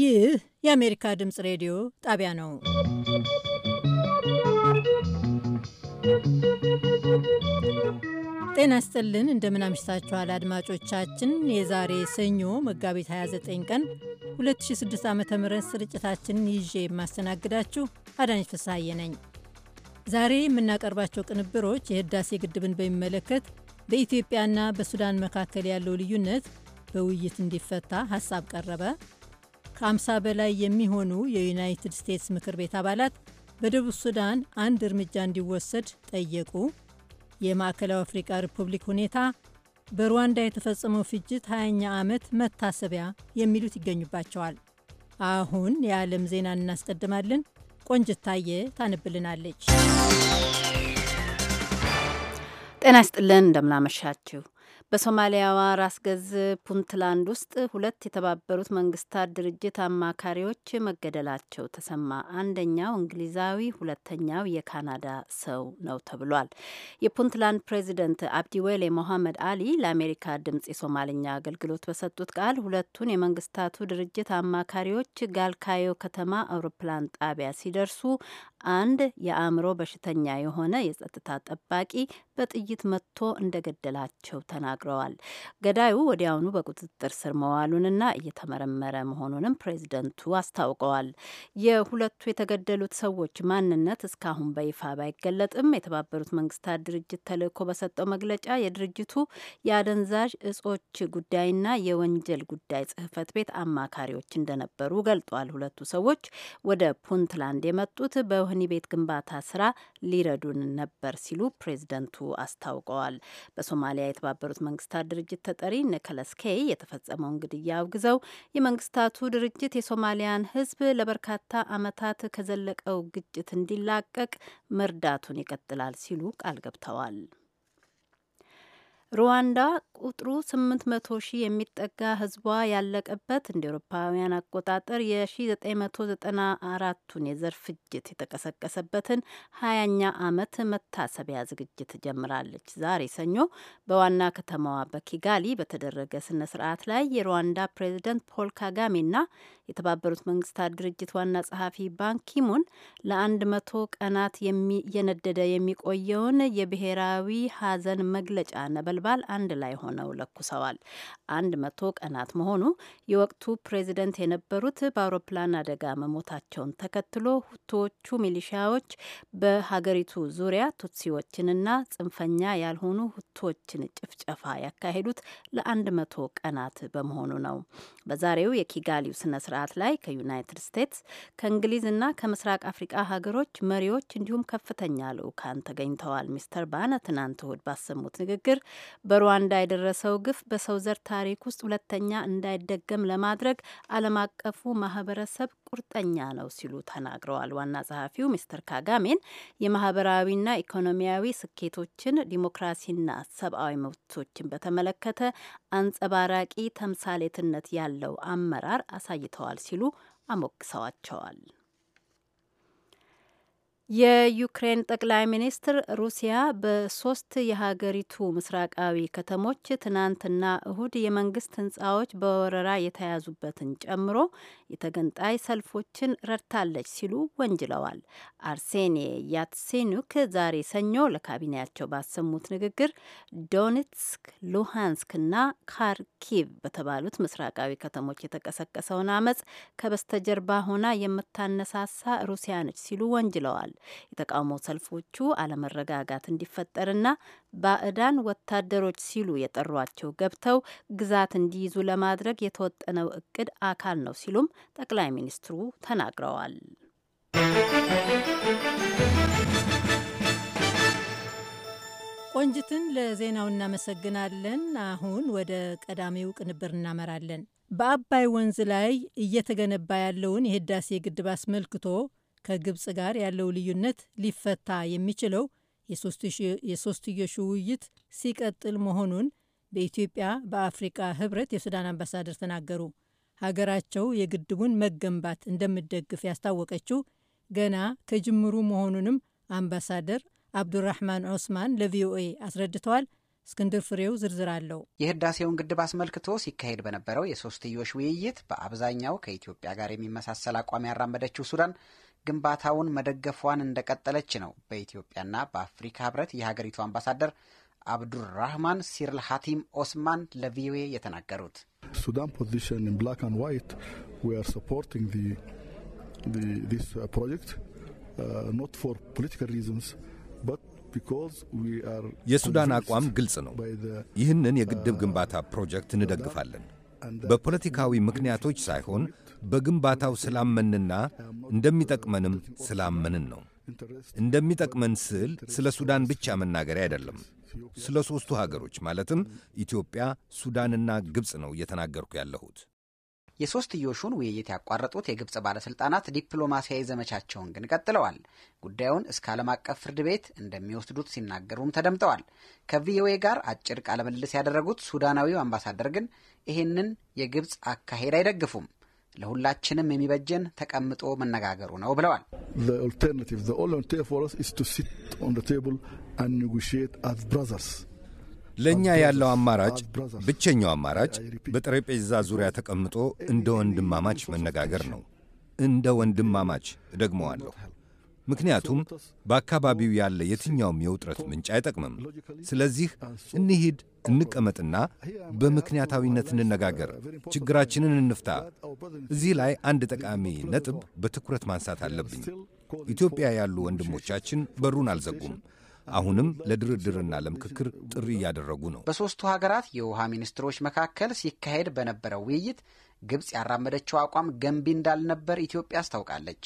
ይህ የአሜሪካ ድምፅ ሬዲዮ ጣቢያ ነው። ጤና ይስጥልን፣ እንደምን አምሽታችኋል አድማጮቻችን። የዛሬ ሰኞ መጋቢት 29 ቀን 2006 ዓ ም ስርጭታችንን ይዤ የማስተናግዳችሁ አዳነች ፍስሐዬ ነኝ። ዛሬ የምናቀርባቸው ቅንብሮች የህዳሴ ግድብን በሚመለከት በኢትዮጵያና በሱዳን መካከል ያለው ልዩነት በውይይት እንዲፈታ ሀሳብ ቀረበ። ከ50 በላይ የሚሆኑ የዩናይትድ ስቴትስ ምክር ቤት አባላት በደቡብ ሱዳን አንድ እርምጃ እንዲወሰድ ጠየቁ። የማዕከላዊ አፍሪቃ ሪፑብሊክ ሁኔታ፣ በሩዋንዳ የተፈጸመው ፍጅት 20ኛ ዓመት መታሰቢያ የሚሉት ይገኙባቸዋል። አሁን የዓለም ዜና እናስቀድማለን። ቆንጅታየ ታነብልናለች። ጤና ይስጥልን እንደምናመሻችሁ። በሶማሊያዋ ራስ ገዝ ፑንትላንድ ውስጥ ሁለት የተባበሩት መንግስታት ድርጅት አማካሪዎች መገደላቸው ተሰማ። አንደኛው እንግሊዛዊ፣ ሁለተኛው የካናዳ ሰው ነው ተብሏል። የፑንትላንድ ፕሬዚደንት አብዲዌሌ ሞሐመድ አሊ ለአሜሪካ ድምጽ የሶማልኛ አገልግሎት በሰጡት ቃል ሁለቱን የመንግስታቱ ድርጅት አማካሪዎች ጋልካዮ ከተማ አውሮፕላን ጣቢያ ሲደርሱ አንድ የአእምሮ በሽተኛ የሆነ የጸጥታ ጠባቂ በጥይት መጥቶ እንደገደላቸው ተናግረዋል። ገዳዩ ወዲያውኑ በቁጥጥር ስር መዋሉንና እየተመረመረ መሆኑንም ፕሬዚደንቱ አስታውቀዋል። የሁለቱ የተገደሉት ሰዎች ማንነት እስካሁን በይፋ ባይገለጥም የተባበሩት መንግስታት ድርጅት ተልዕኮ በሰጠው መግለጫ የድርጅቱ የአደንዛዥ እጾች ጉዳይና የወንጀል ጉዳይ ጽህፈት ቤት አማካሪዎች እንደነበሩ ገልጧል። ሁለቱ ሰዎች ወደ ፑንትላንድ የመጡት በ የወህኒ ቤት ግንባታ ስራ ሊረዱን ነበር ሲሉ ፕሬዝደንቱ አስታውቀዋል። በሶማሊያ የተባበሩት መንግስታት ድርጅት ተጠሪ ኒኮለስ ኬይ የተፈጸመውን ግድያ አውግዘው የመንግስታቱ ድርጅት የሶማሊያን ህዝብ ለበርካታ ዓመታት ከዘለቀው ግጭት እንዲላቀቅ መርዳቱን ይቀጥላል ሲሉ ቃል ገብተዋል። ሩዋንዳ ቁጥሩ 800 ሺህ የሚጠጋ ህዝቧ ያለቀበት እንደ ኤሮፓውያን አቆጣጠር የ1994ቱን የዘር ፍጅት የተቀሰቀሰበትን ሀያኛ ዓመት መታሰቢያ ዝግጅት ጀምራለች። ዛሬ ሰኞ በዋና ከተማዋ በኪጋሊ በተደረገ ስነ ስርዓት ላይ የሩዋንዳ ፕሬዚደንት ፖል ካጋሜና የተባበሩት መንግስታት ድርጅት ዋና ጸሐፊ ባንኪሙን ለአንድ መቶ ቀናት እየነደደ የሚቆየውን የብሔራዊ ሀዘን መግለጫ ነበል ነበልባል አንድ ላይ ሆነው ለኩሰዋል። አንድ መቶ ቀናት መሆኑ የወቅቱ ፕሬዚደንት የነበሩት በአውሮፕላን አደጋ መሞታቸውን ተከትሎ ሁቶቹ ሚሊሺያዎች በሀገሪቱ ዙሪያ ቱትሲዎችንና ጽንፈኛ ያልሆኑ ሁቶችን ጭፍጨፋ ያካሄዱት ለአንድ መቶ ቀናት በመሆኑ ነው። በዛሬው የኪጋሊው ስነ ስርዓት ላይ ከዩናይትድ ስቴትስ ከእንግሊዝና ከምስራቅ አፍሪቃ ሀገሮች መሪዎች እንዲሁም ከፍተኛ ልዑካን ተገኝተዋል። ሚስተር ባነ ትናንት እሁድ ባሰሙት ንግግር በሩዋንዳ የደረሰው ግፍ በሰው ዘር ታሪክ ውስጥ ሁለተኛ እንዳይደገም ለማድረግ ዓለም አቀፉ ማህበረሰብ ቁርጠኛ ነው ሲሉ ተናግረዋል። ዋና ጸሐፊው ሚስተር ካጋሜን የማህበራዊና ኢኮኖሚያዊ ስኬቶችን፣ ዲሞክራሲና ሰብአዊ መብቶችን በተመለከተ አንጸባራቂ ተምሳሌትነት ያለው አመራር አሳይተዋል ሲሉ አሞግሰዋቸዋል። የዩክሬን ጠቅላይ ሚኒስትር ሩሲያ በሶስት የሀገሪቱ ምስራቃዊ ከተሞች ትናንትና እሁድ የመንግስት ህንጻዎች በወረራ የተያዙበትን ጨምሮ የተገንጣይ ሰልፎችን ረድታለች ሲሉ ወንጅለዋል። አርሴኔ ያትሴኑክ ዛሬ ሰኞ ለካቢኔያቸው ባሰሙት ንግግር ዶኔትስክ፣ እና ካርኪቭ በተባሉት ምስራቃዊ ከተሞች የተቀሰቀሰውን አመጽ ከበስተጀርባ ሆና የምታነሳሳ ሩሲያ ነች ሲሉ ወንጅለዋል። የተቃውሞ ሰልፎቹ አለመረጋጋት እንዲፈጠርና ባዕዳን ወታደሮች ሲሉ የጠሯቸው ገብተው ግዛት እንዲይዙ ለማድረግ የተወጠነው እቅድ አካል ነው ሲሉም ጠቅላይ ሚኒስትሩ ተናግረዋል። ቆንጅትን ለዜናው እናመሰግናለን። አሁን ወደ ቀዳሚው ቅንብር እናመራለን። በአባይ ወንዝ ላይ እየተገነባ ያለውን የህዳሴ ግድብ አስመልክቶ ከግብፅ ጋር ያለው ልዩነት ሊፈታ የሚችለው የሶስትዮሽ ውይይት ሲቀጥል መሆኑን በኢትዮጵያ በአፍሪቃ ህብረት የሱዳን አምባሳደር ተናገሩ። ሀገራቸው የግድቡን መገንባት እንደምደግፍ ያስታወቀችው ገና ከጅምሩ መሆኑንም አምባሳደር አብዱራህማን ዑስማን ለቪኦኤ አስረድተዋል። እስክንድር ፍሬው ዝርዝር አለው። የህዳሴውን ግድብ አስመልክቶ ሲካሄድ በነበረው የሶስትዮሽ ውይይት በአብዛኛው ከኢትዮጵያ ጋር የሚመሳሰል አቋም ያራመደችው ሱዳን ግንባታውን መደገፏን እንደቀጠለች ነው በኢትዮጵያና በአፍሪካ ህብረት የሀገሪቱ አምባሳደር አብዱራህማን ሲርል ሀቲም ኦስማን ለቪኦኤ የተናገሩት ሱዳን ፖዚሽን ኢን ብላክ አንድ ዋይት ዊ አር ሰፖርቲንግ ዲስ ፕሮጀክት ኖት ፎር ፖለቲካል ሪዝንስ የሱዳን አቋም ግልጽ ነው። ይህንን የግድብ uh, ግንባታ ፕሮጀክት እንደግፋለን። በፖለቲካዊ ምክንያቶች ሳይሆን በግንባታው ስላመንና እንደሚጠቅመንም ስላመንን ነው። እንደሚጠቅመን ስል ስለ ሱዳን ብቻ መናገሪያ አይደለም። ስለ ሦስቱ ሀገሮች ማለትም ኢትዮጵያ፣ ሱዳንና ግብፅ ነው እየተናገርኩ ያለሁት። የሶስትዮሹን ውይይት ያቋረጡት የግብፅ ባለስልጣናት ዲፕሎማሲያዊ ዘመቻቸውን ግን ቀጥለዋል። ጉዳዩን እስከ ዓለም አቀፍ ፍርድ ቤት እንደሚወስዱት ሲናገሩም ተደምጠዋል። ከቪኦኤ ጋር አጭር ቃለ ምልልስ ያደረጉት ሱዳናዊው አምባሳደር ግን ይህንን የግብፅ አካሄድ አይደግፉም። ለሁላችንም የሚበጀን ተቀምጦ መነጋገሩ ነው ብለዋል። ለእኛ ያለው አማራጭ ብቸኛው አማራጭ በጠረጴዛ ዙሪያ ተቀምጦ እንደ ወንድማማች መነጋገር ነው። እንደ ወንድማማች እደግመዋለሁ። ምክንያቱም በአካባቢው ያለ የትኛውም የውጥረት ምንጭ አይጠቅምም። ስለዚህ እንሂድ እንቀመጥና በምክንያታዊነት እንነጋገር፣ ችግራችንን እንፍታ። እዚህ ላይ አንድ ጠቃሚ ነጥብ በትኩረት ማንሳት አለብኝ። ኢትዮጵያ ያሉ ወንድሞቻችን በሩን አልዘጉም። አሁንም ለድርድርና ለምክክር ጥሪ እያደረጉ ነው። በሦስቱ ሀገራት የውሃ ሚኒስትሮች መካከል ሲካሄድ በነበረው ውይይት ግብፅ ያራመደችው አቋም ገንቢ እንዳልነበር ኢትዮጵያ አስታውቃለች።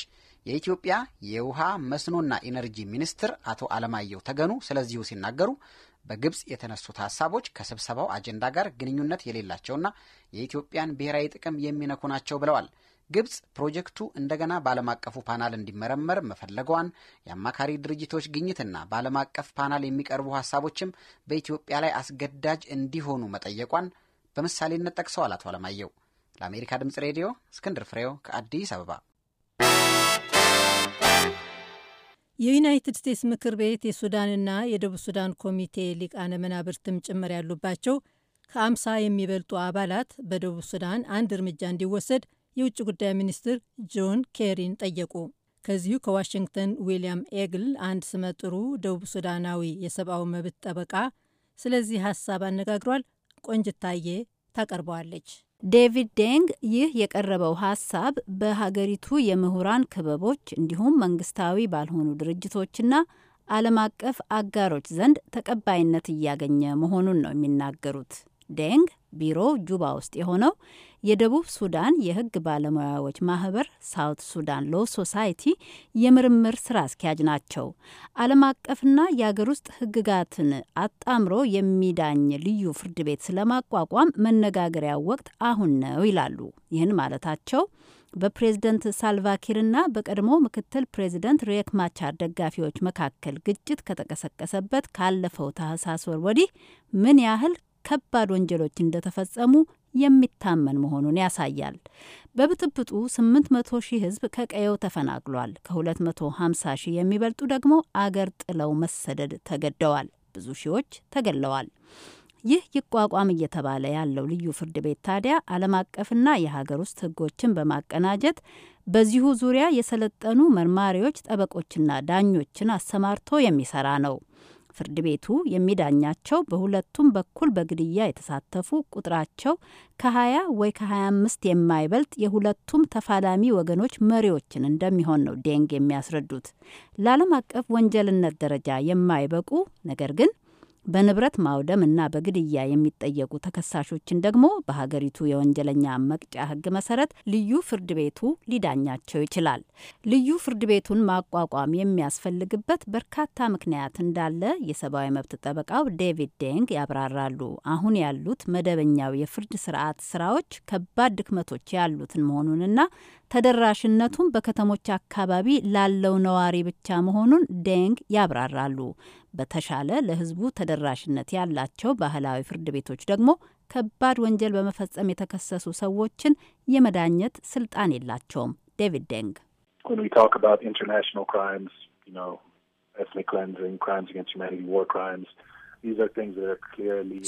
የኢትዮጵያ የውሃ መስኖና ኢነርጂ ሚኒስትር አቶ አለማየሁ ተገኑ ስለዚሁ ሲናገሩ በግብፅ የተነሱት ሀሳቦች ከስብሰባው አጀንዳ ጋር ግንኙነት የሌላቸውና የኢትዮጵያን ብሔራዊ ጥቅም የሚነኩ ናቸው ብለዋል። ግብፅ ፕሮጀክቱ እንደገና በዓለም አቀፉ ፓናል እንዲመረመር መፈለጓን የአማካሪ ድርጅቶች ግኝትና በዓለም አቀፍ ፓናል የሚቀርቡ ሀሳቦችም በኢትዮጵያ ላይ አስገዳጅ እንዲሆኑ መጠየቋን በምሳሌነት ጠቅሰዋል አቶ አለማየሁ። ለአሜሪካ ድምፅ ሬዲዮ እስክንድር ፍሬው ከአዲስ አበባ የዩናይትድ ስቴትስ ምክር ቤት የሱዳንና የደቡብ ሱዳን ኮሚቴ ሊቃነ መናብርትም ጭምር ያሉባቸው ከአምሳ የሚበልጡ አባላት በደቡብ ሱዳን አንድ እርምጃ እንዲወሰድ የውጭ ጉዳይ ሚኒስትር ጆን ኬሪን ጠየቁ። ከዚሁ ከዋሽንግተን ዊልያም ኤግል አንድ ስመጥሩ ደቡብ ሱዳናዊ የሰብአዊ መብት ጠበቃ ስለዚህ ሀሳብ አነጋግሯል። ቆንጅታዬ ታቀርበዋለች። ዴቪድ ዴንግ ይህ የቀረበው ሀሳብ በሀገሪቱ የምሁራን ክበቦች እንዲሁም መንግስታዊ ባልሆኑ ድርጅቶችና ዓለም አቀፍ አጋሮች ዘንድ ተቀባይነት እያገኘ መሆኑን ነው የሚናገሩት ዴንግ ቢሮ ጁባ ውስጥ የሆነው የደቡብ ሱዳን የሕግ ባለሙያዎች ማህበር ሳውት ሱዳን ሎ ሶሳይቲ የምርምር ስራ አስኪያጅ ናቸው። ዓለም አቀፍና የአገር ውስጥ ሕግጋትን አጣምሮ የሚዳኝ ልዩ ፍርድ ቤት ስለማቋቋም መነጋገሪያው ወቅት አሁን ነው ይላሉ። ይህን ማለታቸው በፕሬዝደንት ሳልቫኪርና በቀድሞ ምክትል ፕሬዝደንት ሪየክ ማቻር ደጋፊዎች መካከል ግጭት ከተቀሰቀሰበት ካለፈው ታህሳስ ወር ወዲህ ምን ያህል ከባድ ወንጀሎች እንደተፈጸሙ የሚታመን መሆኑን ያሳያል። በብጥብጡ 800 ሺህ ሕዝብ ከቀየው ተፈናቅሏል። ከ250 ሺህ የሚበልጡ ደግሞ አገር ጥለው መሰደድ ተገደዋል። ብዙ ሺዎች ተገለዋል። ይህ ይቋቋም እየተባለ ያለው ልዩ ፍርድ ቤት ታዲያ ዓለም አቀፍና የሀገር ውስጥ ሕጎችን በማቀናጀት በዚሁ ዙሪያ የሰለጠኑ መርማሪዎች፣ ጠበቆችና ዳኞችን አሰማርቶ የሚሰራ ነው። ፍርድ ቤቱ የሚዳኛቸው በሁለቱም በኩል በግድያ የተሳተፉ ቁጥራቸው ከ20 ወይ ከ25 የማይበልጥ የሁለቱም ተፋላሚ ወገኖች መሪዎችን እንደሚሆን ነው ዴንግ የሚያስረዱት። ለዓለም አቀፍ ወንጀልነት ደረጃ የማይበቁ ነገር ግን በንብረት ማውደም እና በግድያ የሚጠየቁ ተከሳሾችን ደግሞ በሀገሪቱ የወንጀለኛ መቅጫ ሕግ መሰረት ልዩ ፍርድ ቤቱ ሊዳኛቸው ይችላል። ልዩ ፍርድ ቤቱን ማቋቋም የሚያስፈልግበት በርካታ ምክንያት እንዳለ የሰብአዊ መብት ጠበቃው ዴቪድ ዴንግ ያብራራሉ። አሁን ያሉት መደበኛው የፍርድ ስርዓት ስራዎች ከባድ ድክመቶች ያሉትን መሆኑንና ተደራሽነቱም በከተሞች አካባቢ ላለው ነዋሪ ብቻ መሆኑን ደንግ ያብራራሉ። በተሻለ ለሕዝቡ ተደራሽነት ያላቸው ባህላዊ ፍርድ ቤቶች ደግሞ ከባድ ወንጀል በመፈጸም የተከሰሱ ሰዎችን የመዳኘት ስልጣን የላቸውም። ዴቪድ ደንግ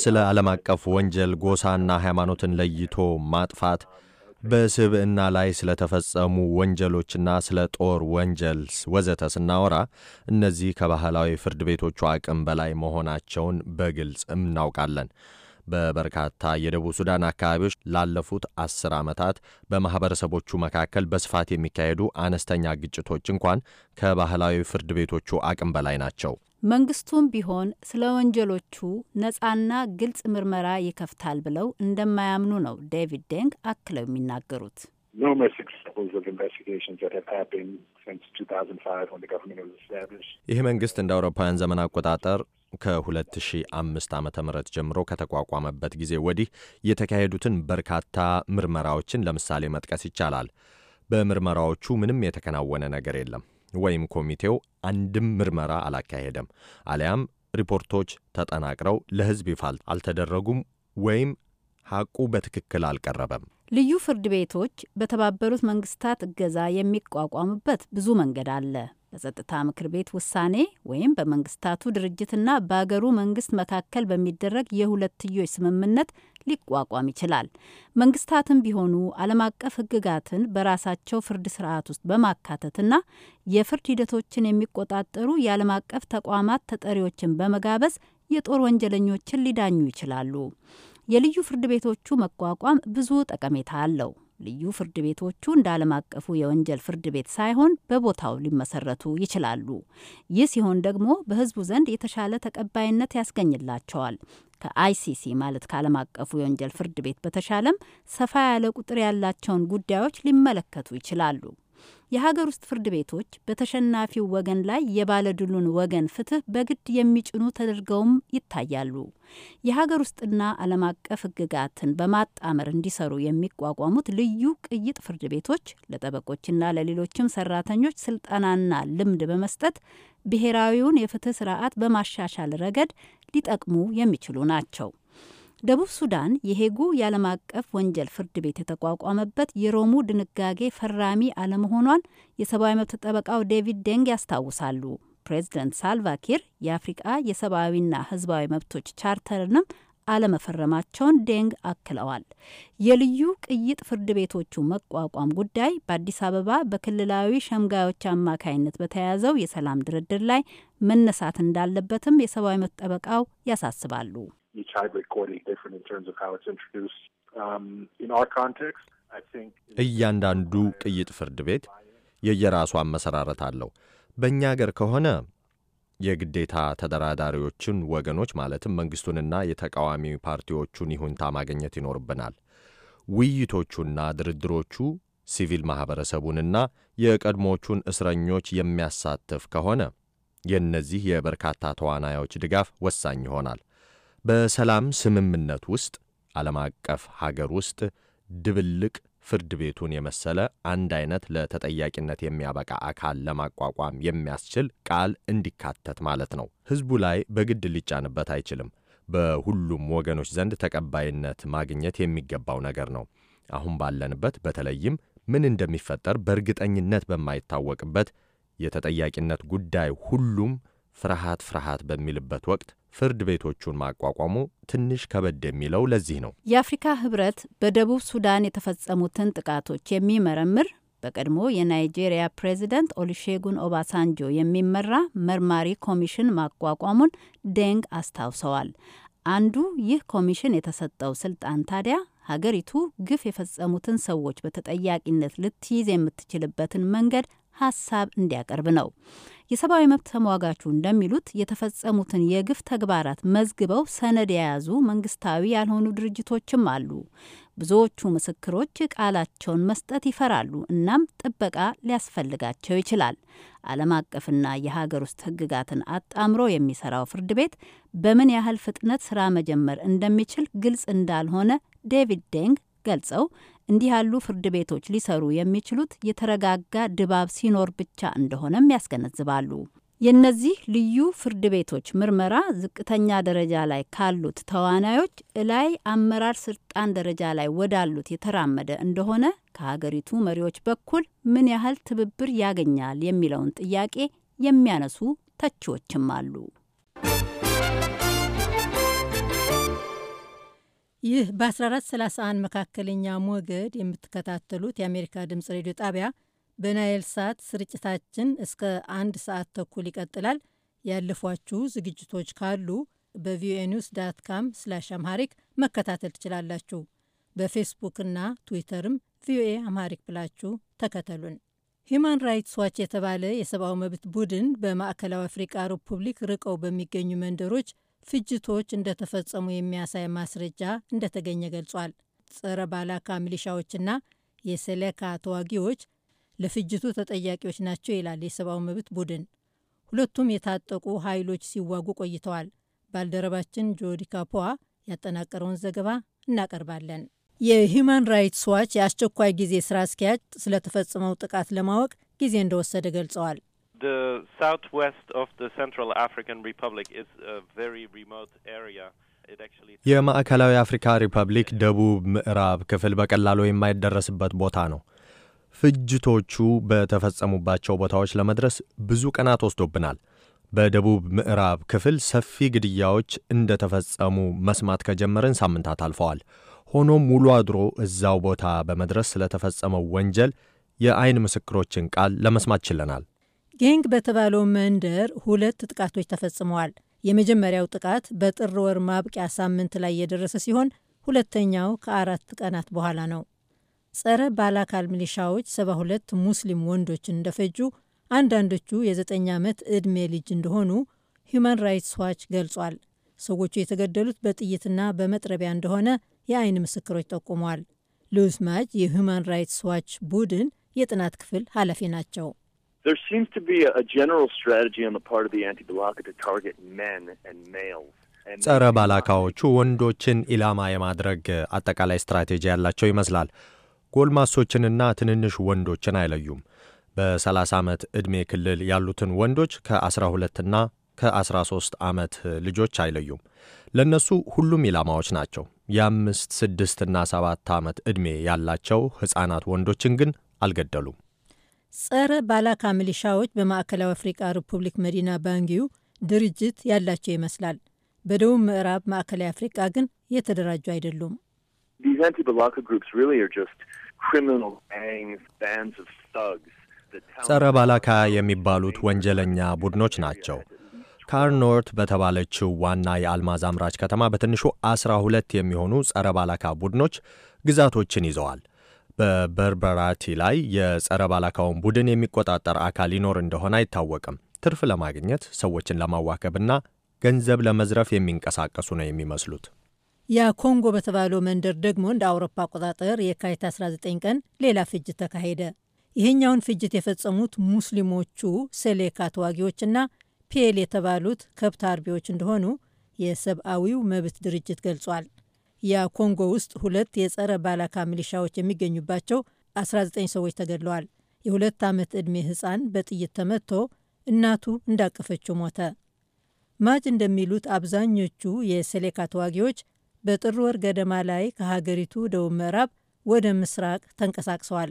ስለ ዓለም አቀፍ ወንጀል ጎሳና ሃይማኖትን ለይቶ ማጥፋት በስብዕና ላይ ስለተፈጸሙ ወንጀሎችና ስለ ጦር ወንጀል ወዘተ ስናወራ እነዚህ ከባህላዊ ፍርድ ቤቶቹ አቅም በላይ መሆናቸውን በግልጽ እናውቃለን። በበርካታ የደቡብ ሱዳን አካባቢዎች ላለፉት አስር ዓመታት በማኅበረሰቦቹ መካከል በስፋት የሚካሄዱ አነስተኛ ግጭቶች እንኳን ከባህላዊ ፍርድ ቤቶቹ አቅም በላይ ናቸው። መንግስቱም ቢሆን ስለ ወንጀሎቹ ነጻና ግልጽ ምርመራ ይከፍታል ብለው እንደማያምኑ ነው ዴቪድ ዴንግ አክለው የሚናገሩት። ይህ መንግስት እንደ አውሮፓውያን ዘመን አቆጣጠር ከ2005 ዓ ም ጀምሮ ከተቋቋመበት ጊዜ ወዲህ የተካሄዱትን በርካታ ምርመራዎችን ለምሳሌ መጥቀስ ይቻላል። በምርመራዎቹ ምንም የተከናወነ ነገር የለም። ወይም ኮሚቴው አንድም ምርመራ አላካሄደም አሊያም ሪፖርቶች ተጠናቅረው ለሕዝብ ይፋ አልተደረጉም ወይም ሐቁ በትክክል አልቀረበም። ልዩ ፍርድ ቤቶች በተባበሩት መንግስታት እገዛ የሚቋቋሙበት ብዙ መንገድ አለ። በጸጥታ ምክር ቤት ውሳኔ ወይም በመንግስታቱ ድርጅትና በአገሩ መንግስት መካከል በሚደረግ የሁለትዮሽ ስምምነት ሊቋቋም ይችላል። መንግስታትም ቢሆኑ ዓለም አቀፍ ህግጋትን በራሳቸው ፍርድ ስርዓት ውስጥ በማካተትና የፍርድ ሂደቶችን የሚቆጣጠሩ የዓለም አቀፍ ተቋማት ተጠሪዎችን በመጋበዝ የጦር ወንጀለኞችን ሊዳኙ ይችላሉ። የልዩ ፍርድ ቤቶቹ መቋቋም ብዙ ጠቀሜታ አለው። ልዩ ፍርድ ቤቶቹ እንደ ዓለም አቀፉ የወንጀል ፍርድ ቤት ሳይሆን በቦታው ሊመሰረቱ ይችላሉ። ይህ ሲሆን ደግሞ በሕዝቡ ዘንድ የተሻለ ተቀባይነት ያስገኝላቸዋል። ከአይሲሲ ማለት ከዓለም አቀፉ የወንጀል ፍርድ ቤት በተሻለም ሰፋ ያለ ቁጥር ያላቸውን ጉዳዮች ሊመለከቱ ይችላሉ። የሀገር ውስጥ ፍርድ ቤቶች በተሸናፊው ወገን ላይ የባለድሉን ወገን ፍትህ በግድ የሚጭኑ ተደርገውም ይታያሉ። የሀገር ውስጥና ዓለም አቀፍ ህግጋትን በማጣመር እንዲሰሩ የሚቋቋሙት ልዩ ቅይጥ ፍርድ ቤቶች ለጠበቆችና ለሌሎችም ሰራተኞች ስልጠናና ልምድ በመስጠት ብሔራዊውን የፍትህ ስርዓት በማሻሻል ረገድ ሊጠቅሙ የሚችሉ ናቸው። ደቡብ ሱዳን የሄጉ የዓለም አቀፍ ወንጀል ፍርድ ቤት የተቋቋመበት የሮሙ ድንጋጌ ፈራሚ አለመሆኗን የሰብአዊ መብት ጠበቃው ዴቪድ ደንግ ያስታውሳሉ። ፕሬዚደንት ሳልቫኪር የአፍሪቃ የሰብአዊና ሕዝባዊ መብቶች ቻርተርንም አለመፈረማቸውን ደንግ አክለዋል። የልዩ ቅይጥ ፍርድ ቤቶቹ መቋቋም ጉዳይ በአዲስ አበባ በክልላዊ ሸምጋዮች አማካይነት በተያያዘው የሰላም ድርድር ላይ መነሳት እንዳለበትም የሰብአዊ መብት ጠበቃው ያሳስባሉ። each hybrid coin is different in terms of how it's introduced. Um, in our context, I think እያንዳንዱ ቅይጥ ፍርድ ቤት የየራሱ መሰራረት አለው። በእኛ አገር ከሆነ የግዴታ ተደራዳሪዎችን ወገኖች ማለትም መንግስቱንና የተቃዋሚ ፓርቲዎቹን ይሁንታ ማግኘት ይኖርብናል። ውይይቶቹና ድርድሮቹ ሲቪል ማኅበረሰቡንና የቀድሞቹን እስረኞች የሚያሳትፍ ከሆነ የእነዚህ የበርካታ ተዋናዮች ድጋፍ ወሳኝ ይሆናል። በሰላም ስምምነት ውስጥ ዓለም አቀፍ ሀገር ውስጥ ድብልቅ ፍርድ ቤቱን የመሰለ አንድ አይነት ለተጠያቂነት የሚያበቃ አካል ለማቋቋም የሚያስችል ቃል እንዲካተት ማለት ነው። ሕዝቡ ላይ በግድ ሊጫንበት አይችልም። በሁሉም ወገኖች ዘንድ ተቀባይነት ማግኘት የሚገባው ነገር ነው። አሁን ባለንበት በተለይም ምን እንደሚፈጠር በእርግጠኝነት በማይታወቅበት የተጠያቂነት ጉዳይ ሁሉም ፍርሃት ፍርሃት በሚልበት ወቅት ፍርድ ቤቶቹን ማቋቋሙ ትንሽ ከበድ የሚለው ለዚህ ነው። የአፍሪካ ህብረት በደቡብ ሱዳን የተፈጸሙትን ጥቃቶች የሚመረምር በቀድሞ የናይጄሪያ ፕሬዚደንት ኦሊሼጉን ኦባሳንጆ የሚመራ መርማሪ ኮሚሽን ማቋቋሙን ደንግ አስታውሰዋል። አንዱ ይህ ኮሚሽን የተሰጠው ስልጣን ታዲያ ሀገሪቱ ግፍ የፈጸሙትን ሰዎች በተጠያቂነት ልትይዝ የምትችልበትን መንገድ ሀሳብ እንዲያቀርብ ነው። የሰብአዊ መብት ተሟጋቹ እንደሚሉት የተፈጸሙትን የግፍ ተግባራት መዝግበው ሰነድ የያዙ መንግስታዊ ያልሆኑ ድርጅቶችም አሉ። ብዙዎቹ ምስክሮች ቃላቸውን መስጠት ይፈራሉ። እናም ጥበቃ ሊያስፈልጋቸው ይችላል። ዓለም አቀፍና የሀገር ውስጥ ህግጋትን አጣምሮ የሚሰራው ፍርድ ቤት በምን ያህል ፍጥነት ስራ መጀመር እንደሚችል ግልጽ እንዳልሆነ ዴቪድ ዴንግ ገልጸው እንዲህ ያሉ ፍርድ ቤቶች ሊሰሩ የሚችሉት የተረጋጋ ድባብ ሲኖር ብቻ እንደሆነም ያስገነዝባሉ። የእነዚህ ልዩ ፍርድ ቤቶች ምርመራ ዝቅተኛ ደረጃ ላይ ካሉት ተዋናዮች እላይ አመራር ስልጣን ደረጃ ላይ ወዳሉት የተራመደ እንደሆነ ከሀገሪቱ መሪዎች በኩል ምን ያህል ትብብር ያገኛል የሚለውን ጥያቄ የሚያነሱ ተቺዎችም አሉ። ይህ በ1431 መካከለኛ ሞገድ የምትከታተሉት የአሜሪካ ድምፅ ሬዲዮ ጣቢያ በናይል ሳት ስርጭታችን እስከ አንድ ሰዓት ተኩል ይቀጥላል። ያለፏችሁ ዝግጅቶች ካሉ በቪኦኤ ኒውስ ዳት ካም ስላሽ አምሃሪክ መከታተል ትችላላችሁ። በፌስቡክና ትዊተርም ቪኦኤ አምሃሪክ ብላችሁ ተከተሉን። ሂማን ራይትስ ዋች የተባለ የሰብአዊ መብት ቡድን በማዕከላዊ አፍሪቃ ሪፑብሊክ ርቀው በሚገኙ መንደሮች ፍጅቶች እንደተፈጸሙ የሚያሳይ ማስረጃ እንደተገኘ ገልጿል። ጸረ ባላካ ሚሊሻዎችና የሰለካ ተዋጊዎች ለፍጅቱ ተጠያቂዎች ናቸው ይላል የሰብአዊ መብት ቡድን። ሁለቱም የታጠቁ ኃይሎች ሲዋጉ ቆይተዋል። ባልደረባችን ጆዲ ካፖዋ ያጠናቀረውን ዘገባ እናቀርባለን። የሂዩማን ራይትስ ዋች የአስቸኳይ ጊዜ ስራ አስኪያጅ ስለተፈጸመው ጥቃት ለማወቅ ጊዜ እንደወሰደ ገልጸዋል። the southwest of the Central African Republic is a very remote area. የማዕከላዊ አፍሪካ ሪፐብሊክ ደቡብ ምዕራብ ክፍል በቀላሉ የማይደረስበት ቦታ ነው። ፍጅቶቹ በተፈጸሙባቸው ቦታዎች ለመድረስ ብዙ ቀናት ወስዶብናል። በደቡብ ምዕራብ ክፍል ሰፊ ግድያዎች ተፈጸሙ መስማት ከጀመርን ሳምንታት አልፈዋል። ሆኖም ውሎ አድሮ እዛው ቦታ በመድረስ ስለተፈጸመው ወንጀል የአይን ምስክሮችን ቃል ለመስማት ችለናል። ጌንግ በተባለው መንደር ሁለት ጥቃቶች ተፈጽመዋል። የመጀመሪያው ጥቃት በጥር ወር ማብቂያ ሳምንት ላይ የደረሰ ሲሆን ሁለተኛው ከአራት ቀናት በኋላ ነው። ጸረ ባላካል ሚሊሻዎች 72 ሙስሊም ወንዶችን እንደፈጁ፣ አንዳንዶቹ የዘጠኝ ዓመት ዕድሜ ልጅ እንደሆኑ ሁማን ራይትስ ዋች ገልጿል። ሰዎቹ የተገደሉት በጥይትና በመጥረቢያ እንደሆነ የአይን ምስክሮች ጠቁመዋል። ሉዝ ማጅ የሁማን ራይትስ ዋች ቡድን የጥናት ክፍል ኃላፊ ናቸው። There seems to be a general strategy on the part of the anti-balaka to target men and males. ጸረ ባላካዎቹ ወንዶችን ኢላማ የማድረግ uh, አጠቃላይ ስትራቴጂ ያላቸው ይመስላል። ጎልማሶችንና ትንንሽ ወንዶችን አይለዩም። በ30 ዓመት ዕድሜ ክልል ያሉትን ወንዶች ከ12ና ከ13 ዓመት ልጆች አይለዩም። ለእነሱ ሁሉም ኢላማዎች ናቸው። የአምስት ስድስትና ሰባት ዓመት ዕድሜ ያላቸው ሕፃናት ወንዶችን ግን አልገደሉም። ጸረ ባላካ ሚሊሻዎች በማዕከላዊ አፍሪቃ ሪፑብሊክ መዲና ባንጊው ድርጅት ያላቸው ይመስላል። በደቡብ ምዕራብ ማዕከላዊ አፍሪቃ ግን የተደራጁ አይደሉም። ጸረ ባላካ የሚባሉት ወንጀለኛ ቡድኖች ናቸው። ካርኖርት በተባለችው ዋና የአልማዝ አምራች ከተማ በትንሹ አስራ ሁለት የሚሆኑ ጸረ ባላካ ቡድኖች ግዛቶችን ይዘዋል። በበርበራቲ ላይ የጸረ ባላካውን ቡድን የሚቆጣጠር አካል ይኖር እንደሆነ አይታወቅም። ትርፍ ለማግኘት ሰዎችን ለማዋከብና ገንዘብ ለመዝረፍ የሚንቀሳቀሱ ነው የሚመስሉት። የኮንጎ በተባለው መንደር ደግሞ እንደ አውሮፓ አቆጣጠር የካቲት 19 ቀን ሌላ ፍጅት ተካሄደ። ይህኛውን ፍጅት የፈጸሙት ሙስሊሞቹ ሴሌካ ተዋጊዎችና ፒኤል የተባሉት ከብት አርቢዎች እንደሆኑ የሰብአዊው መብት ድርጅት ገልጿል። ያኮንጎ ውስጥ ሁለት የጸረ ባላካ ሚሊሻዎች የሚገኙባቸው 19 ሰዎች ተገድለዋል። የሁለት ዓመት ዕድሜ ሕፃን በጥይት ተመትቶ እናቱ እንዳቀፈችው ሞተ። ማጅ እንደሚሉት አብዛኞቹ የሴሌካ ተዋጊዎች በጥር ወር ገደማ ላይ ከሀገሪቱ ደቡብ ምዕራብ ወደ ምስራቅ ተንቀሳቅሰዋል።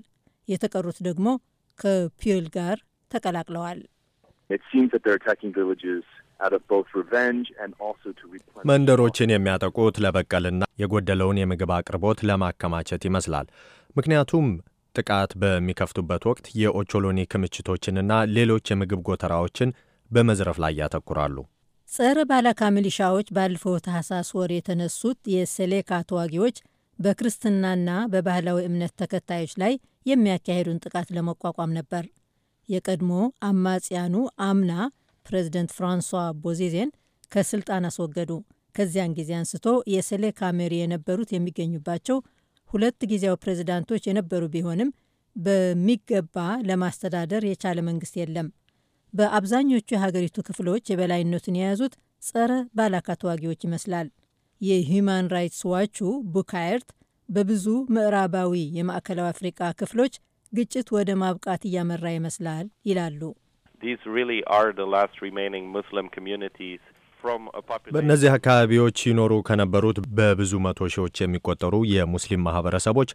የተቀሩት ደግሞ ከፒል ጋር ተቀላቅለዋል። መንደሮችን የሚያጠቁት ለበቀልና የጎደለውን የምግብ አቅርቦት ለማከማቸት ይመስላል። ምክንያቱም ጥቃት በሚከፍቱበት ወቅት የኦቾሎኒ ክምችቶችንና ሌሎች የምግብ ጎተራዎችን በመዝረፍ ላይ ያተኩራሉ። ጸረ ባላካ ሚሊሻዎች ባለፈው ታህሳስ ወር የተነሱት የሴሌካ ተዋጊዎች በክርስትናና በባህላዊ እምነት ተከታዮች ላይ የሚያካሄዱን ጥቃት ለመቋቋም ነበር። የቀድሞ አማጽያኑ አምና ፕሬዚደንት ፍራንሷ ቦዜዜን ከስልጣን አስወገዱ። ከዚያን ጊዜ አንስቶ የሴሌካ መሪ የነበሩት የሚገኙባቸው ሁለት ጊዜያዊ ፕሬዚዳንቶች የነበሩ ቢሆንም በሚገባ ለማስተዳደር የቻለ መንግስት የለም። በአብዛኞቹ የሀገሪቱ ክፍሎች የበላይነቱን የያዙት ጸረ ባላካ ተዋጊዎች ይመስላል። የሂዩማን ራይትስ ዋቹ ቡካየርት በብዙ ምዕራባዊ የማዕከላዊ አፍሪቃ ክፍሎች ግጭት ወደ ማብቃት እያመራ ይመስላል ይላሉ። these really are the last remaining Muslim communities. በእነዚህ አካባቢዎች ሲኖሩ ከነበሩት በብዙ መቶ ሺዎች የሚቆጠሩ የሙስሊም ማህበረሰቦች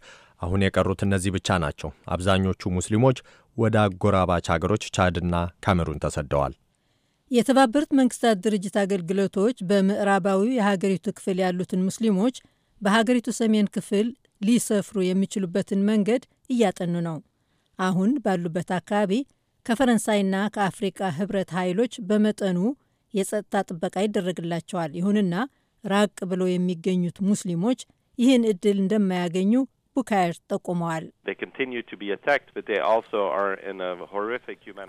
አሁን የቀሩት እነዚህ ብቻ ናቸው። አብዛኞቹ ሙስሊሞች ወደ አጎራባች ሀገሮች ቻድና ካሜሩን ተሰደዋል። የተባበሩት መንግስታት ድርጅት አገልግሎቶች በምዕራባዊው የሀገሪቱ ክፍል ያሉትን ሙስሊሞች በሀገሪቱ ሰሜን ክፍል ሊሰፍሩ የሚችሉበትን መንገድ እያጠኑ ነው። አሁን ባሉበት አካባቢ ከፈረንሳይና ከአፍሪቃ ህብረት ኃይሎች በመጠኑ የጸጥታ ጥበቃ ይደረግላቸዋል። ይሁንና ራቅ ብለው የሚገኙት ሙስሊሞች ይህን እድል እንደማያገኙ ቡካየር ጠቁመዋል።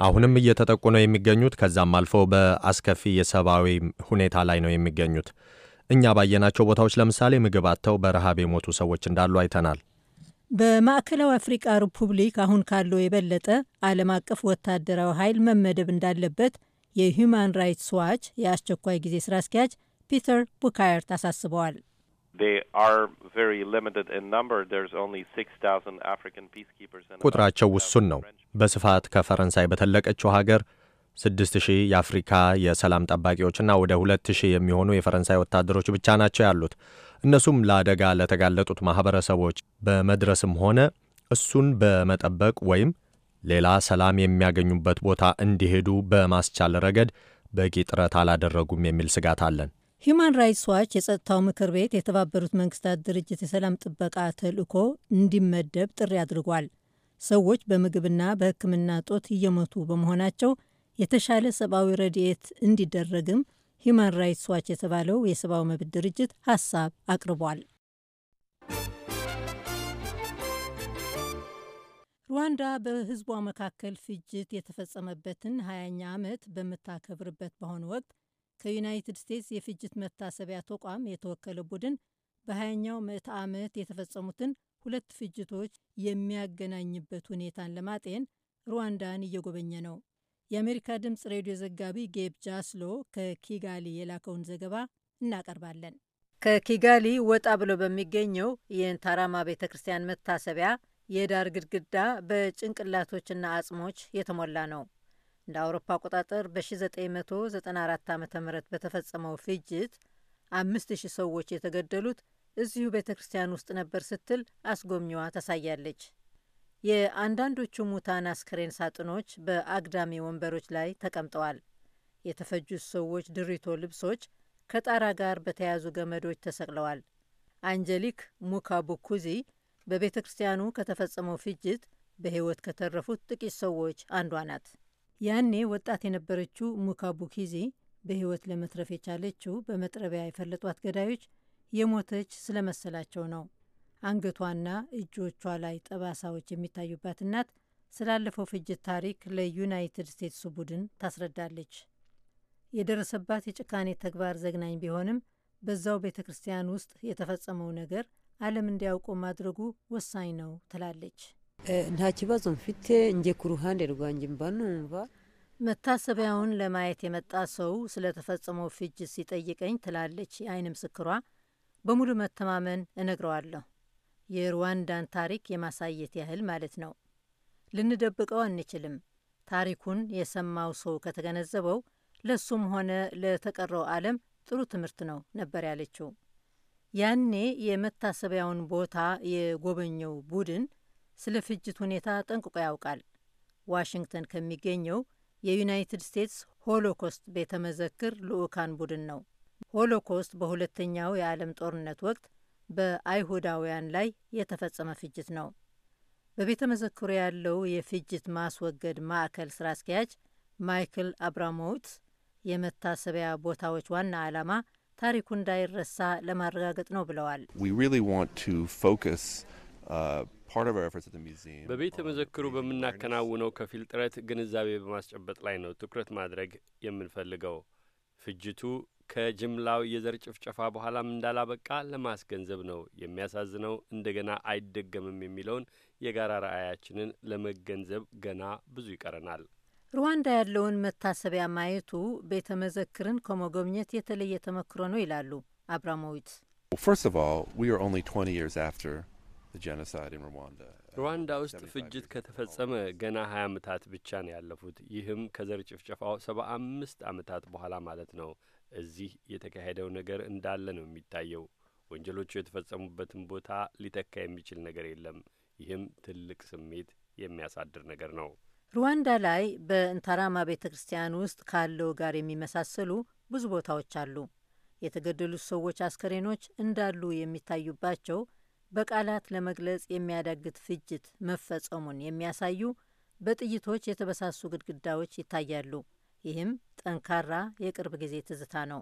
አሁንም እየተጠቁ ነው የሚገኙት። ከዛም አልፈው በአስከፊ የሰብአዊ ሁኔታ ላይ ነው የሚገኙት። እኛ ባየናቸው ቦታዎች ለምሳሌ ምግብ አጥተው በረሃብ የሞቱ ሰዎች እንዳሉ አይተናል። በማዕከላዊ አፍሪቃ ሪፑብሊክ አሁን ካለው የበለጠ ዓለም አቀፍ ወታደራዊ ኃይል መመደብ እንዳለበት የሂዩማን ራይትስ ዋች የአስቸኳይ ጊዜ ስራ አስኪያጅ ፒተር ቡካየርት አሳስበዋል። ቁጥራቸው ውሱን ነው። በስፋት ከፈረንሳይ በተለቀችው ሀገር ስድስት ሺህ የአፍሪካ የሰላም ጠባቂዎችና ወደ ሁለት ሺህ የሚሆኑ የፈረንሳይ ወታደሮች ብቻ ናቸው ያሉት። እነሱም ለአደጋ ለተጋለጡት ማኅበረሰቦች በመድረስም ሆነ እሱን በመጠበቅ ወይም ሌላ ሰላም የሚያገኙበት ቦታ እንዲሄዱ በማስቻል ረገድ በቂ ጥረት አላደረጉም የሚል ስጋት አለን። ሂዩማን ራይትስ ዋች የጸጥታው ምክር ቤት የተባበሩት መንግስታት ድርጅት የሰላም ጥበቃ ተልእኮ እንዲመደብ ጥሪ አድርጓል። ሰዎች በምግብና በሕክምና እጦት እየሞቱ በመሆናቸው የተሻለ ሰብአዊ ረድኤት እንዲደረግም ሂዩማን ራይትስ ዋች የተባለው የሰብአዊ መብት ድርጅት ሀሳብ አቅርቧል። ሩዋንዳ በህዝቧ መካከል ፍጅት የተፈጸመበትን ሀያኛ ዓመት በምታከብርበት በአሁኑ ወቅት ከዩናይትድ ስቴትስ የፍጅት መታሰቢያ ተቋም የተወከለ ቡድን በሀያኛው ምዕተ ዓመት የተፈጸሙትን ሁለት ፍጅቶች የሚያገናኝበት ሁኔታን ለማጤን ሩዋንዳን እየጎበኘ ነው። የአሜሪካ ድምፅ ሬዲዮ ዘጋቢ ጌብ ጃስሎ ከኪጋሊ የላከውን ዘገባ እናቀርባለን። ከኪጋሊ ወጣ ብሎ በሚገኘው የንታራማ ቤተ ክርስቲያን መታሰቢያ የዳር ግድግዳ በጭንቅላቶችና አጽሞች የተሞላ ነው። እንደ አውሮፓ አቆጣጠር በ1994 ዓ ም በተፈጸመው ፍጅት አምስት ሺህ ሰዎች የተገደሉት እዚሁ ቤተ ክርስቲያን ውስጥ ነበር ስትል አስጎብኚዋ ታሳያለች። የአንዳንዶቹ ሙታን ስክሬን ሳጥኖች በአግዳሚ ወንበሮች ላይ ተቀምጠዋል። የተፈጁት ሰዎች ድሪቶ ልብሶች ከጣራ ጋር በተያያዙ ገመዶች ተሰቅለዋል። አንጀሊክ ሙካቡኩዚ በቤተ ክርስቲያኑ ከተፈጸመው ፍጅት በሕይወት ከተረፉት ጥቂት ሰዎች አንዷ ናት። ያኔ ወጣት የነበረችው ሙካቡኪዚ በሕይወት ለመትረፍ የቻለችው በመጥረቢያ የፈለጧት ገዳዮች የሞተች ስለመሰላቸው ነው። አንገቷና እጆቿ ላይ ጠባሳዎች የሚታዩባት እናት ስላለፈው ፍጅት ታሪክ ለዩናይትድ ስቴትስ ቡድን ታስረዳለች። የደረሰባት የጭካኔ ተግባር ዘግናኝ ቢሆንም በዛው ቤተ ክርስቲያን ውስጥ የተፈጸመው ነገር ዓለም እንዲያውቁ ማድረጉ ወሳኝ ነው ትላለች። እንዳችባዞ ፊቴ እንጀ ኩሩሃን ደርጓንጅንባኑ መታሰቢያውን ለማየት የመጣ ሰው ተፈጸመው ፍጅት ሲጠይቀኝ ትላለች የአይን ምስክሯ፣ በሙሉ መተማመን እነግረዋለሁ የሩዋንዳን ታሪክ የማሳየት ያህል ማለት ነው። ልንደብቀው አንችልም። ታሪኩን የሰማው ሰው ከተገነዘበው ለሱም ሆነ ለተቀረው ዓለም ጥሩ ትምህርት ነው ነበር ያለችው። ያኔ የመታሰቢያውን ቦታ የጎበኘው ቡድን ስለ ፍጅት ሁኔታ ጠንቅቆ ያውቃል። ዋሽንግተን ከሚገኘው የዩናይትድ ስቴትስ ሆሎኮስት ቤተ መዘክር ልዑካን ቡድን ነው። ሆሎኮስት በሁለተኛው የዓለም ጦርነት ወቅት በአይሁዳውያን ላይ የተፈጸመ ፍጅት ነው። በቤተ መዘክሩ ያለው የፍጅት ማስወገድ ማዕከል ስራ አስኪያጅ ማይክል አብራሞዊት የመታሰቢያ ቦታዎች ዋና ዓላማ ታሪኩ እንዳይረሳ ለማረጋገጥ ነው ብለዋል። uh, በቤተ መዘክሩ በምናከናውነው ከፊል ጥረት ግንዛቤ በማስጨበጥ ላይ ነው ትኩረት ማድረግ የምንፈልገው። ፍጅቱ ከጅምላው የዘር ጭፍጨፋ በኋላም እንዳላበቃ ለማስገንዘብ ነው። የሚያሳዝነው እንደገና አይደገምም የሚለውን የጋራ ራዕያችንን ለመገንዘብ ገና ብዙ ይቀረናል። ሩዋንዳ ያለውን መታሰቢያ ማየቱ ቤተ መዘክርን ከመጎብኘት የተለየ ተመክሮ ነው ይላሉ አብራሞዊት። ሩዋንዳ ውስጥ ፍጅት ከተፈጸመ ገና ሀያ ዓመታት ብቻ ነው ያለፉት። ይህም ከዘር ጭፍጨፋው ሰባ አምስት ዓመታት በኋላ ማለት ነው። እዚህ የተካሄደው ነገር እንዳለ ነው የሚታየው። ወንጀሎቹ የተፈጸሙበትን ቦታ ሊተካ የሚችል ነገር የለም። ይህም ትልቅ ስሜት የሚያሳድር ነገር ነው። ሩዋንዳ ላይ በእንታራማ ቤተ ክርስቲያን ውስጥ ካለው ጋር የሚመሳሰሉ ብዙ ቦታዎች አሉ። የተገደሉት ሰዎች አስከሬኖች እንዳሉ የሚታዩባቸው በቃላት ለመግለጽ የሚያዳግት ፍጅት መፈጸሙን የሚያሳዩ በጥይቶች የተበሳሱ ግድግዳዎች ይታያሉ። ይህም ጠንካራ የቅርብ ጊዜ ትዝታ ነው።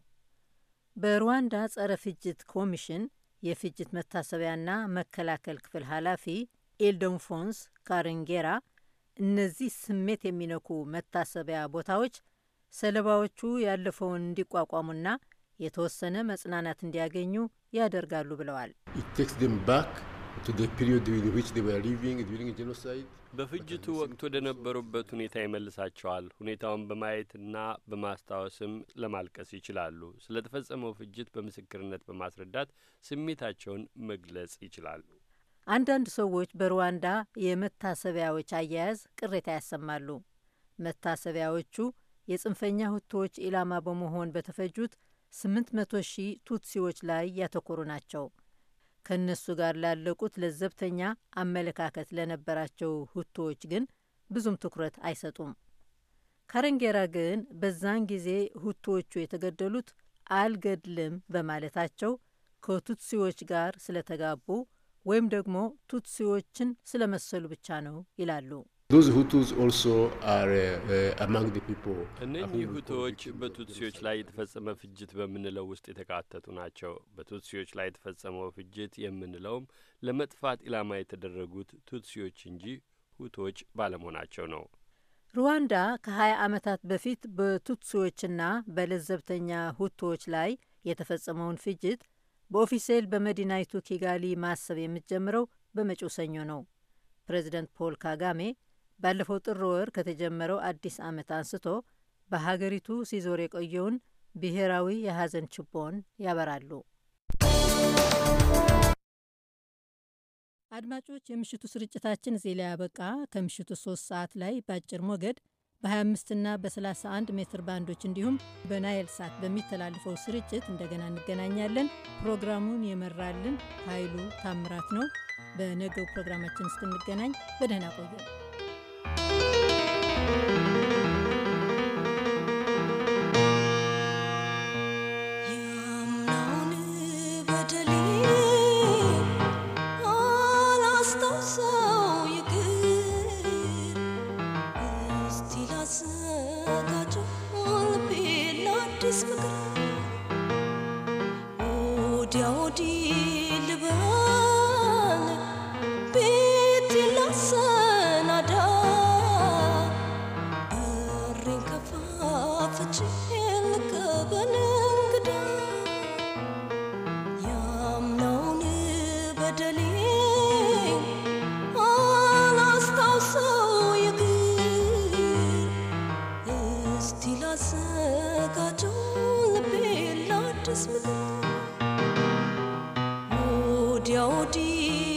በሩዋንዳ ጸረ ፍጅት ኮሚሽን የፍጅት መታሰቢያና መከላከል ክፍል ኃላፊ ኤልዶንፎንስ ካረንጌራ እነዚህ ስሜት የሚነኩ መታሰቢያ ቦታዎች ሰለባዎቹ ያለፈውን እንዲቋቋሙና የተወሰነ መጽናናት እንዲያገኙ ያደርጋሉ ብለዋል። በፍጅቱ ወቅት ወደ ነበሩበት ሁኔታ ይመልሳቸዋል። ሁኔታውን በማየትና በማስታወስም ለማልቀስ ይችላሉ። ስለ ተፈጸመው ፍጅት በምስክርነት በማስረዳት ስሜታቸውን መግለጽ ይችላሉ። አንዳንድ ሰዎች በሩዋንዳ የመታሰቢያዎች አያያዝ ቅሬታ ያሰማሉ። መታሰቢያዎቹ የጽንፈኛ ሁቶዎች ኢላማ በመሆን በተፈጁት መቶ ሺህ ቱትሲዎች ላይ ያተኮሩ ናቸው። ከእነሱ ጋር ላለቁት ለዘብተኛ አመለካከት ለነበራቸው ሁቶዎች ግን ብዙም ትኩረት አይሰጡም። ካረንጌራ ግን በዛን ጊዜ ሁቶዎቹ የተገደሉት አልገድልም በማለታቸው ከቱትሲዎች ጋር ስለተጋቡ ወይም ደግሞ ቱትሲዎችን ስለመሰሉ ብቻ ነው ይላሉ። Uh, እነኚህ ሁቶዎች በቱትሲዎች ላይ የተፈጸመ ፍጅት በምንለው ውስጥ የተካተቱ ናቸው። በቱትሲዎች ላይ የተፈጸመው ፍጅት የምንለውም ለመጥፋት ኢላማ የተደረጉት ቱትሲዎች እንጂ ሁቶች ባለመሆናቸው ነው። ሩዋንዳ ከ20 ዓመታት በፊት በቱትሲዎችና በለዘብተኛ ሁቶዎች ላይ የተፈጸመውን ፍጅት በኦፊሴል በመዲናይቱ ኪጋሊ ማሰብ የምትጀምረው በመጪው ሰኞ ነው። ፕሬዚደንት ፖል ካጋሜ ባለፈው ጥር ወር ከተጀመረው አዲስ ዓመት አንስቶ በሀገሪቱ ሲዞር የቆየውን ብሔራዊ የሐዘን ችቦን ያበራሉ። አድማጮች፣ የምሽቱ ስርጭታችን እዚህ ላይ ያበቃ። ከምሽቱ ሶስት ሰዓት ላይ በአጭር ሞገድ በ25 እና በ31 ሜትር ባንዶች እንዲሁም በናይል ሳት በሚተላልፈው ስርጭት እንደገና እንገናኛለን። ፕሮግራሙን የመራልን ኃይሉ ታምራት ነው። በነገው ፕሮግራማችን እስክንገናኝ በደህና ቆዩ። thank you አዘጋጁ ወዲያ ወዲህ